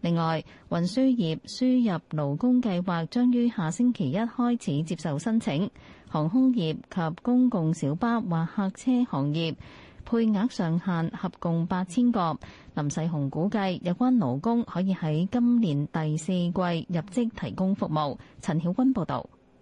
另外，運輸業輸入勞工計劃將於下星期一開始接受申請，航空業及公共小巴或客車行業配額上限合共八千個。林世雄估計有關勞工可以喺今年第四季入職提供服務。陳曉君報導。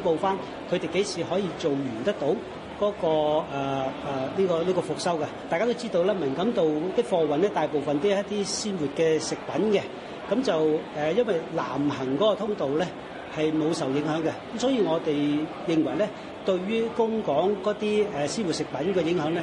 公布翻佢哋幾時可以做完得到嗰個誒誒呢個呢個復修嘅？大家都知道咧，敏感度啲貨運咧，大部分都係一啲鮮活嘅食品嘅，咁就誒，因為南行嗰個通道咧係冇受影響嘅，所以我哋認為咧，對於公港嗰啲誒鮮活食品嘅影響咧，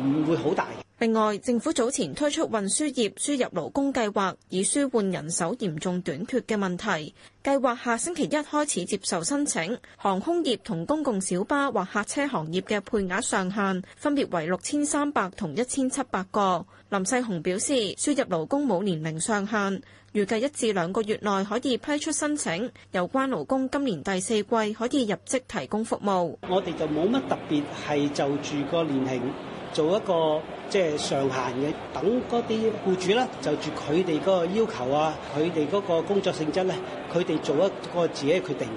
唔會好大。另外，政府早前推出運輸業輸入勞工計劃，以舒緩人手嚴重短缺嘅問題，計劃下星期一開始接受申請，航空業同公共小巴或客車行業嘅配額上限分別為六千三百同一千七百個。林世雄表示，輸入勞工冇年齡上限，預計一至兩個月內可以批出申請，有關勞工今年第四季可以入職提供服務。我哋就冇乜特別係就住個年齡。做一個即係上限嘅，等嗰啲僱主咧就住佢哋嗰個要求啊，佢哋嗰個工作性質咧，佢哋做一個自己嘅決定。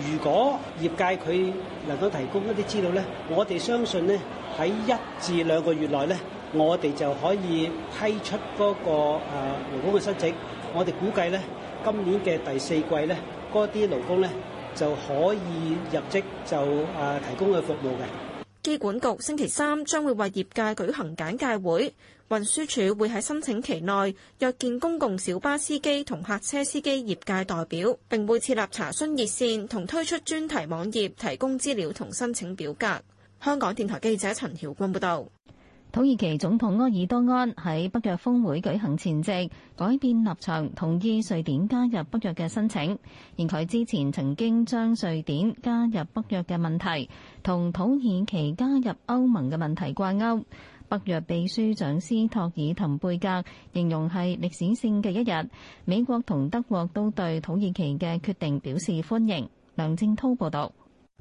如果業界佢能夠提供一啲資料咧，我哋相信咧喺一至兩個月內咧，我哋就可以批出嗰個誒勞工嘅申請。我哋估計咧今年嘅第四季咧，嗰啲勞工咧就可以入職就誒提供嘅服務嘅。機管局星期三將會為業界舉行簡介會，運輸署會喺申請期內約見公共小巴司機同客車司機業界代表，並會設立查詢熱線同推出專題網頁，提供資料同申請表格。香港電台記者陳曉君報道。土耳其總統埃爾多安喺北約峰會舉行前夕改變立場，同意瑞典加入北約嘅申請。而佢之前曾經將瑞典加入北約嘅問題同土耳其加入歐盟嘅問題掛鈎。北約秘書長斯托爾滕貝格形容係歷史性嘅一日。美國同德國都對土耳其嘅決定表示歡迎。梁正滔報道。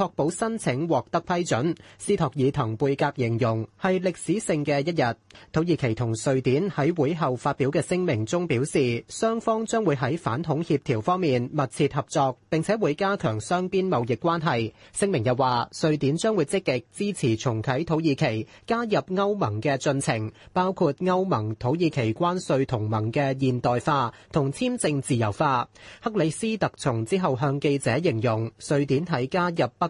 確保申請獲得批准，斯托爾滕貝格形容係歷史性嘅一日。土耳其同瑞典喺會後發表嘅聲明中表示，雙方將會喺反恐協調方面密切合作，並且會加強雙邊貿易關係。聲明又話，瑞典將會積極支持重啟土耳其加入歐盟嘅進程，包括歐盟土耳其關稅同盟嘅現代化同簽證自由化。克里斯特松之後向記者形容，瑞典喺加入北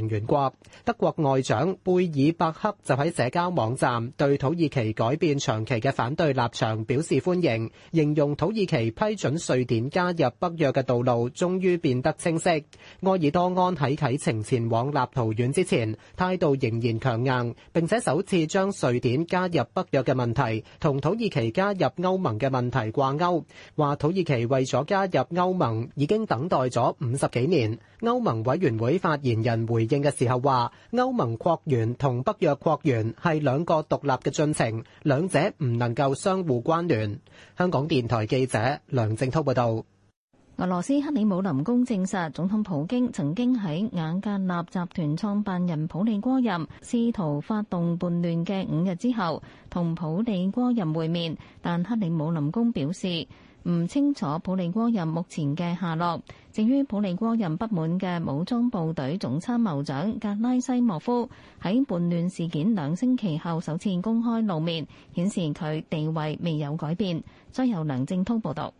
成員國德國外長貝爾伯克就喺社交網站對土耳其改變長期嘅反對立場表示歡迎，形容土耳其批准瑞典加入北約嘅道路終於變得清晰。埃爾多安喺啟程前往立陶宛之前，態度仍然強硬，並且首次將瑞典加入北約嘅問題同土耳其加入歐盟嘅問題掛鈎，話土耳其為咗加入歐盟已經等待咗五十幾年。歐盟委員會發言人回應嘅時候話：歐盟擴員同北約擴員係兩個獨立嘅進程，兩者唔能夠相互關聯。香港電台記者梁正濤報導。俄羅斯克里姆林宮證實，總統普京曾經喺瓦格納集團創辦人普利戈任試圖發動叛亂嘅五日之後同普利戈任會面，但克里姆林宮表示，唔清楚普利戈任目前嘅下落。至於普利戈任不滿嘅武裝部隊總參謀長格拉西莫夫喺叛亂事件兩星期後首次公開露面，顯示佢地位未有改變。再由梁正濤報道。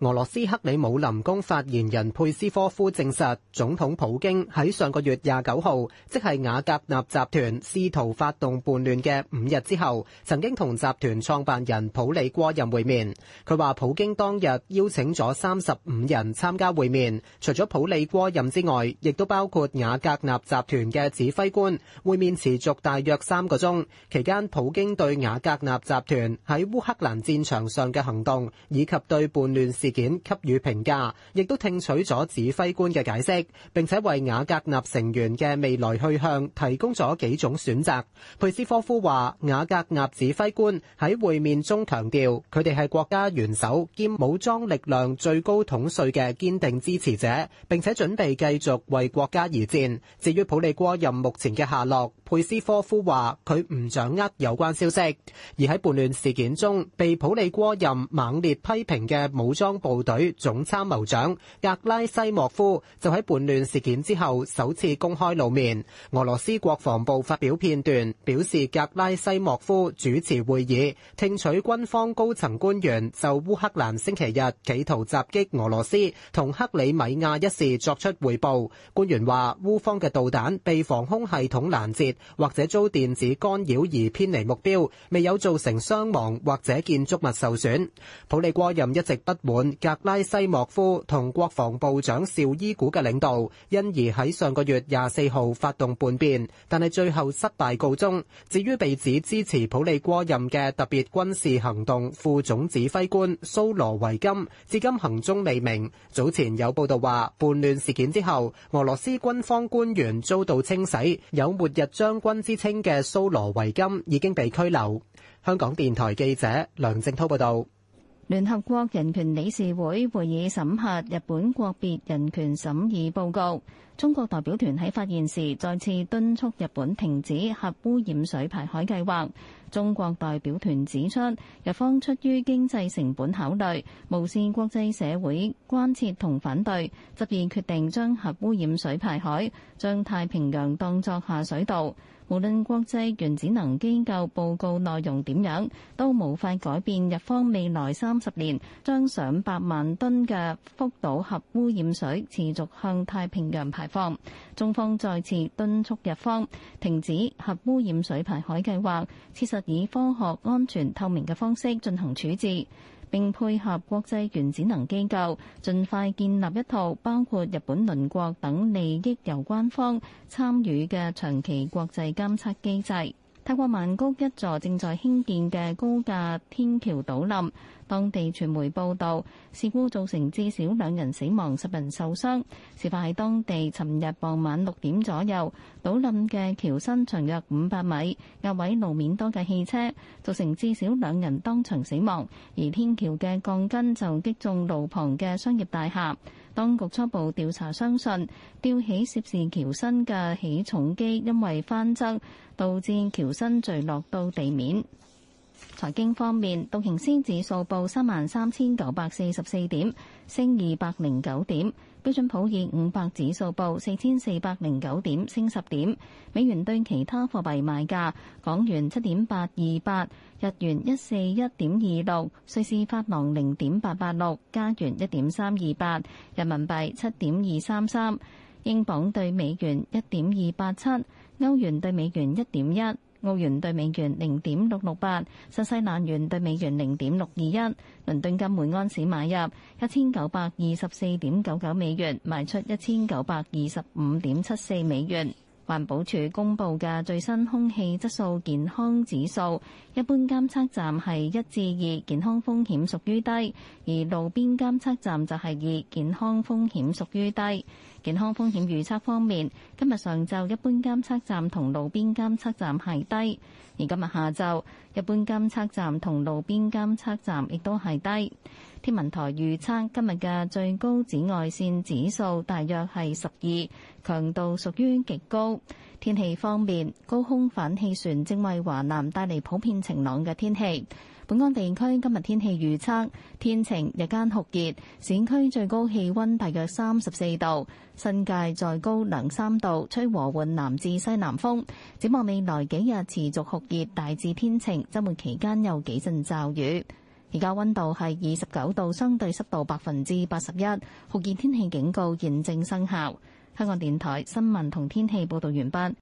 俄羅斯克里姆林宮發言人佩斯科夫證實，總統普京喺上個月廿九號，即係瓦格納集團試圖發動叛亂嘅五日之後，曾經同集團創辦人普里戈任會面。佢話普京當日邀請咗三十五人參加會面，除咗普里戈任之外，亦都包括瓦格納集團嘅指揮官。會面持續大約三個鐘，期間普京對瓦格納集團喺烏克蘭戰場上嘅行動以及對叛亂事。事件給予評價，亦都聽取咗指揮官嘅解釋，並且為瓦格納成員嘅未來去向提供咗幾種選擇。佩斯科夫話：瓦格納指揮官喺會面中強調，佢哋係國家元首兼武裝力量最高統帥嘅堅定支持者，並且準備繼續為國家而戰。至於普里戈任目前嘅下落，佩斯科夫話佢唔掌握有關消息。而喺叛亂事件中被普里戈任猛烈批評嘅武裝。部隊總參謀長格拉西莫夫就喺叛亂事件之後首次公開露面。俄羅斯國防部發表片段，表示格拉西莫夫主持會議，聽取軍方高層官員就烏克蘭星期日企圖襲擊俄羅斯同克里米亞一事作出匯報。官員話，烏方嘅導彈被防空系統攔截，或者遭電子干擾而偏離目標，未有造成傷亡或者建築物受損。普里戈任一直不滿格拉西莫夫同國防部長紹伊古嘅領導，因而喺上個月廿四號發動叛變，但係最後失敗告終。至於被指支持普里戈任嘅特別軍事行動副總指揮官蘇羅維金，至今行蹤未明。早前有報道話，叛亂事件之後，俄羅斯軍方官員遭到清洗，有末日將軍之稱嘅蘇羅維金已經被拘留。香港電台記者梁正濤報道。聯合國人權理事會會議審核日本國別人權審議報告，中國代表團喺發言時再次敦促日本停止核污染水排海計劃。中國代表團指出，日方出於經濟成本考慮，無視國際社會關切同反對，執意決定將核污染水排海，將太平洋當作下水道。無論國際原子能機構報告內容點樣，都無法改變日方未來三十年將上百萬噸嘅福島核污染水持續向太平洋排放。中方再次敦促日方停止核污染水排海計劃，切實以科學、安全、透明嘅方式進行處置。並配合國際原子能機構，盡快建立一套包括日本鄰國等利益攸關方參與嘅長期國際監測機制。泰國曼谷一座正在興建嘅高架天橋倒冧，當地傳媒報道，事故造成至少兩人死亡，十人受傷。事發喺當地尋日傍晚六點左右，倒冧嘅橋身長約五百米，壓毀路面多嘅汽車，造成至少兩人當場死亡，而天橋嘅鋼筋就擊中路旁嘅商業大廈。當局初步調查相信，吊起涉事橋身嘅起重機因為翻側，導致橋身墜落到地面。財經方面，道瓊斯指數報三萬三千九百四十四點，升二百零九點。標準普爾五百指數報4,409點，升十點。美元對其他貨幣賣價：港元7.828，日元141.26，瑞士法郎0.886，加元1.328，人民幣7.233，英鎊對美元1.287，歐元對美元1.1。澳元兌美元零點六六八，新西蘭元兌美元零點六二一，倫敦金每安士買入一千九百二十四點九九美元，賣出一千九百二十五點七四美元。環保署公布嘅最新空氣質素健康指數，一般監測站係一至二，健康風險屬於低；而路邊監測站就係二，健康風險屬於低。健康風險預測方面，今日上晝一般監測站同路邊監測站係低，而今日下晝一般監測站同路邊監測站亦都係低。天文台預測今日嘅最高紫外線指數大約係十二，強度屬於極高。天氣方面，高空反氣旋正為華南帶嚟普遍晴朗嘅天氣。本港地區今日天氣預測，天晴，日間酷熱，市區最高氣溫大約三十四度，新界再高兩三度，吹和緩南至西南風，展望未來幾日持續酷熱，大致天晴，週末期間有幾陣驟雨。而家溫度係二十九度，相對濕度百分之八十一，酷熱天氣警告現正生效。香港電台新聞同天氣報道完畢。